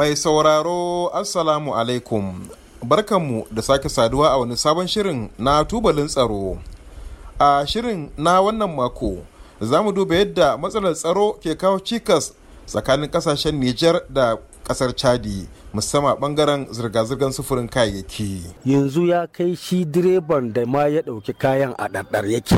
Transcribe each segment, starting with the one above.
Mai sauraro Assalamu alaikum barkanmu da sake saduwa a wani sabon shirin na tubalin tsaro. A shirin na wannan mako za mu duba yadda matsalar tsaro ke kawo cikas tsakanin kasashen Nijar da kasar Chadi musamman bangaren zirga-zirgar sufurin kayayyaki. Yanzu ya kai shi direban da ma ya ɗauki kayan a ɗaɗɗar yake.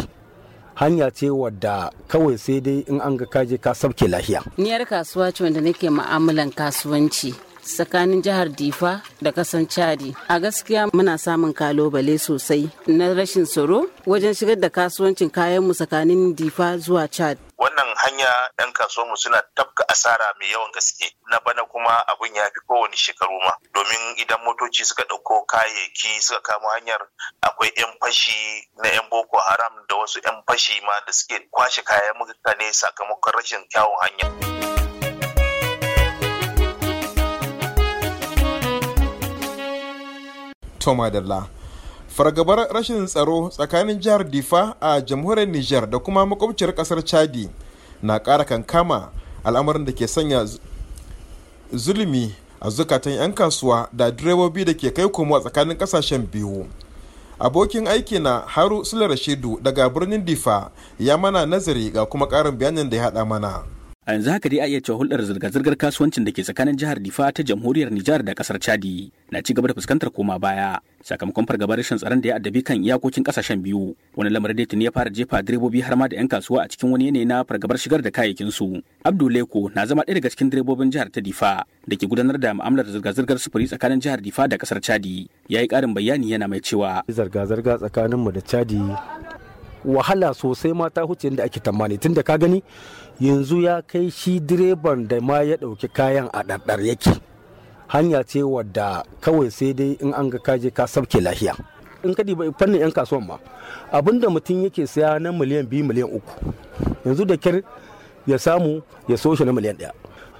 hanya ce wadda kawai sai dai in an ga kaje ka sauke lahiya. Niyar kasuwa ce wanda nake ma'amalan kasuwanci tsakanin jihar Difa da kasan Chadi. A gaskiya muna samun kalobale sosai na rashin tsaro wajen shigar da kasuwancin kayanmu tsakanin Difa zuwa Chad. wannan hanya yan mu suna tafka asara mai yawan gaske na bana kuma abin ya fi kowane shekaru ma domin idan motoci suka ɗauko kayayyaki suka kama hanyar akwai yan fashi na yan boko haram da wasu yan fashi ma da suke kwashe kayan mutane sakamakon rashin kyawun hanya. Toma fargabar rashin tsaro tsakanin jihar difa a jamhuriyar niger da kuma makwabciyar kasar chadi na kara kankama al'amarin da ke sanya zulumi a zukatan 'yan kasuwa da direbobi da ke kai komo a tsakanin kasashen biyu abokin aiki na haru sula rashidu daga birnin difa ya mana nazari ga kuma karin bayanin da ya hada mana a yanzu haka dai a iya cewa hulɗar zirga-zirgar kasuwancin da ke tsakanin jihar difa ta jamhuriyar nijar da kasar chadi na ci gaba da fuskantar koma baya sakamakon fargabar rashin tsaron da ya addabi kan iyakokin ƙasashen biyu wani lamarin da tuni ya fara jefa direbobi har ma da 'yan kasuwa a cikin wani yanayi na fargabar shigar da kayayyakin su abduleko na zama ɗaya daga cikin direbobin jihar ta difa da ke gudanar da mu'amalar zirga-zirgar sufuri tsakanin jihar difa da kasar chadi ya yi ƙarin bayani yana mai cewa zirga-zirga tsakaninmu da chadi wahala sosai ma ta huce da ake tamani da ka gani yanzu ya kai shi direban da ma ya ɗauki kayan a ɗarɗar yake hanya ce wadda kawai sai dai in an ga kaje ka sabke lahiya in kadi diba fannin yan kasuwan ma abinda mutum yake saya na miliyan biyu miliyan uku yanzu da kyar ya samu ya so na miliyan ɗaya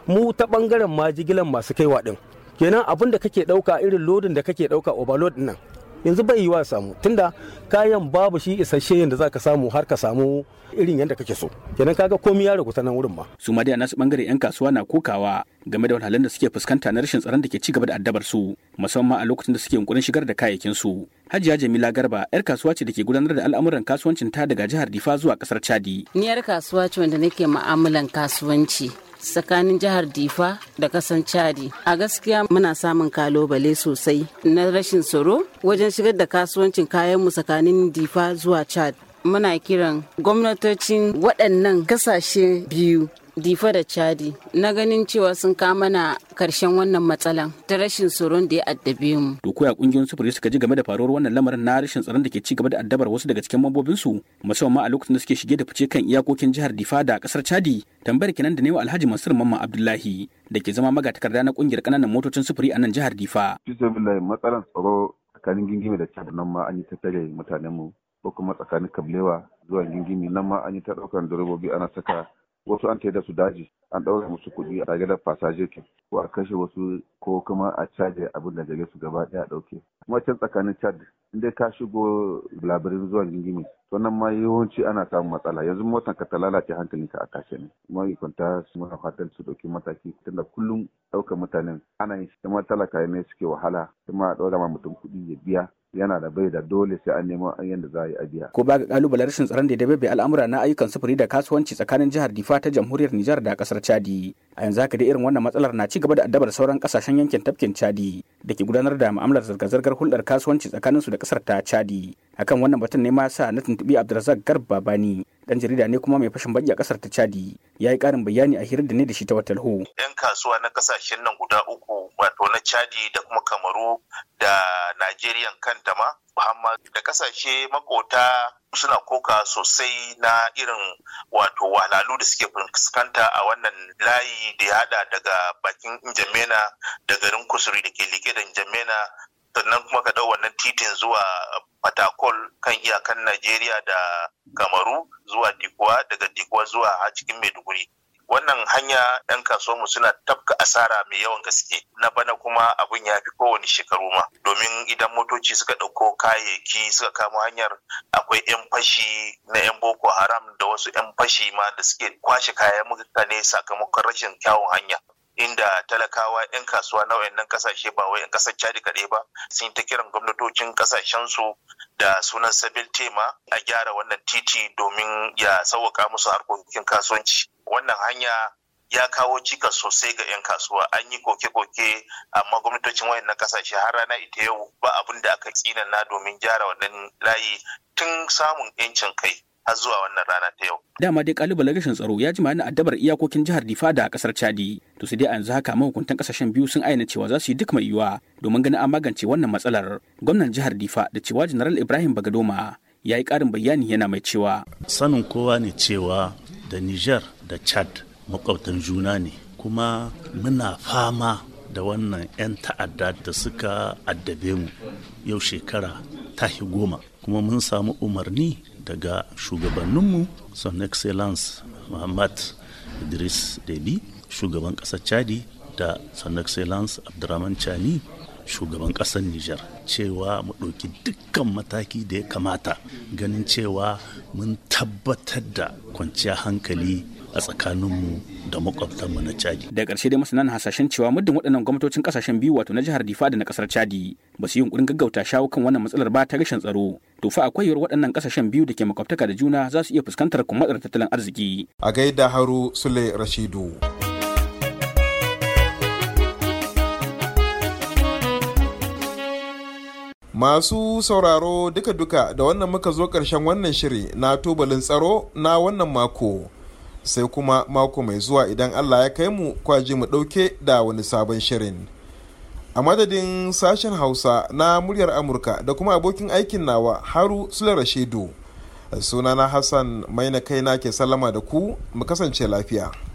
mu ta bangaren ma jigilan masu kaiwa din kenan abinda kake ɗauka irin lodin da kake dauka overload nan yanzu bai yiwa samu tunda kayan babu shi isasshe yadda za ka samu har ka samu irin yadda kake so kenan kaga komai ya rubuta nan wurin ma su ma dai nasu bangare yan kasuwa na kokawa game da wahalhalun da suke fuskanta na rashin tsaron da ke ci da addabar su musamman a lokacin da suke yunkurin shigar da kayayyakin su Hajiya Jamila Garba yar kasuwa ce da ke gudanar da al'amuran kasuwancin ta daga jihar Difa zuwa kasar Chadi. Ni yar kasuwa ce wanda nake mu'amalan kasuwanci tsakanin jihar Difa da kasar Chadi. A gaskiya muna samun kalobale sosai na rashin tsoro wajen shigar da kasuwancin kayanmu tsakanin Difa zuwa Chad. muna kiran gwamnatocin waɗannan kasashe biyu difa da chadi na ganin cewa sun mana karshen wannan matsalan ta rashin tsoron da ya addabe mu. Dokuya kungiyoyin sufuri suka ji game da faruwar wannan lamarin na rashin tsaron da ke ci gaba da addabar wasu daga cikin mambobinsu musamman a lokacin da suke shige da fice kan iyakokin jihar Difa da kasar Chadi tambayar kenan da ne wa Alhaji Mansur Mamman Abdullahi da ke zama magatakarda na kungiyar kananan motocin sufuri a nan jihar Difa. Bismillah matsalan tsaro tsakanin gingime da Chad nan ma an yi tattare mutanen mu ko kuma tsakanin kablewa zuwa gingimi nan ma an yi ta ɗaukar direbobi ana saka wasu an taida su daji an ɗaura musu kuɗi a tare da ke ko a kashe wasu ko kuma a caje abin da gare su gaba ɗaya ɗauke kuma can tsakanin chad inda ka shigo labirin zuwa gingimi to nan ma yawanci ana samun matsala yanzu motan ka ta lalace ka a kashe ne kuma ikonta su muna fatan su ɗauki mataki tunda kullum ɗaukar mutanen ana yin shi talaka ne suke wahala kuma a ɗaura ma mutum kuɗi ya biya yana da bai da dole sai an nemo an yanda za a yi ajiya Ko ba ga kalubalen rashin tsaron da bai al'amura na ayyukan sufuri da kasuwanci tsakanin jihar Difa ta jamhuriyar Nijar da kasar Chadi. A yanzu haka dai irin wannan matsalar na ci gaba da addabar sauran kasashen yankin tafkin Chadi da ke gudanar da mu'amalar zirga-zirgar hulɗar kasuwanci tsakanin su da kasar ta Chadi. Akan wannan batun ne ma sa na tuntuɓi Abdulrazak Garba Bani dan jarida ne kuma mai fashin baki a kasar ta Chadi ya yi karin bayani a hirar da ne da shi ta wata talho. Yan kasuwa na kasashen nan guda uku wato na Chadi da kuma Kamaru da Najeriya kanta ma Muhammad da kasashe makota suna koka sosai na irin wato walalu da suke fuskanta a wannan layi da ya hada daga bakin Jamena da garin Kusuri da ke like da Njamena sannan kuma ka dau wannan titin zuwa matakol kan iyakan najeriya da kamaru zuwa dikuwa daga dikuwa zuwa a cikin maiduguri wannan hanya ɗan kasuwanmu suna tafka asara mai yawan gaske na bana kuma abin ya fi kowane shekaru ma domin idan motoci suka ɗauko kayayyaki suka kamo hanyar akwai 'yan fashi na 'yan boko haram da wasu 'yan fashi ma da suke kwashe kayan mutane sakamakon rashin kyawun hanya inda talakawa 'yan kasuwa na wayannan kasashe ba wai 'yan kasar Chad kaɗai ba sun ta kiran gwamnatocin kasashen su da sunan sabil tema a gyara wannan titi domin ya sauwaka musu harkokin kasuwanci wannan hanya ya kawo cikas sosai ga 'yan kasuwa an yi koke-koke amma gwamnatocin wayannan kasashe har rana ita yau ba abin da aka tsinana domin gyara wannan layi tun samun 'yancin kai har zuwa wannan rana ta yau. Dama dai kalubale rashin tsaro ya jima na addabar iyakokin jihar Difa da kasar Chadi. To sai dai a yanzu haka mahukuntan kasashen biyu sun ayyana cewa za su yi duk mai yiwuwa domin ganin an magance wannan matsalar. Gwamnan jihar Difa da cewa General Ibrahim Bagadoma ya yi ƙarin bayani yana mai cewa. Sanin kowa ne cewa da Niger da Chad makwabtan juna ne kuma muna fama da wannan 'yan ta'adda da suka addabe mu yau shekara tahi goma kuma mun samu umarni daga shugabanninmu son excellence muhammad idris debi shugaban ƙasar chadi da son excellence abdurrahman chani shugaban ƙasar Nijar cewa mu ɗauki dukkan mataki da ya kamata ganin cewa mun tabbatar da kwanciya hankali a tsakaninmu da makwabtanmu na Chadi. Da ƙarshe dai masana hasashen cewa muddin waɗannan gwamnatocin ƙasashen biyu wato na jihar Difa da na ƙasar Chadi ba su yi yunƙurin gaggauta shawo kan wannan matsalar ba ta rashin tsaro to fa akwai yiwuwar waɗannan ƙasashen biyu da ke makwabtaka da juna za su iya fuskantar kumbatsar tattalin arziki. A gaida Haru Sule Rashidu. Masu sauraro duka-duka da wannan muka zo karshen wannan shiri na tubalin tsaro na wannan mako. Sai kuma mako mai zuwa idan Allah ya kai mu kwaji mu ɗauke da wani sabon shirin. a madadin sashen hausa na muryar amurka da kuma abokin aikin nawa haru sule suna sunana hassan maina kaina ke salama da ku mu kasance lafiya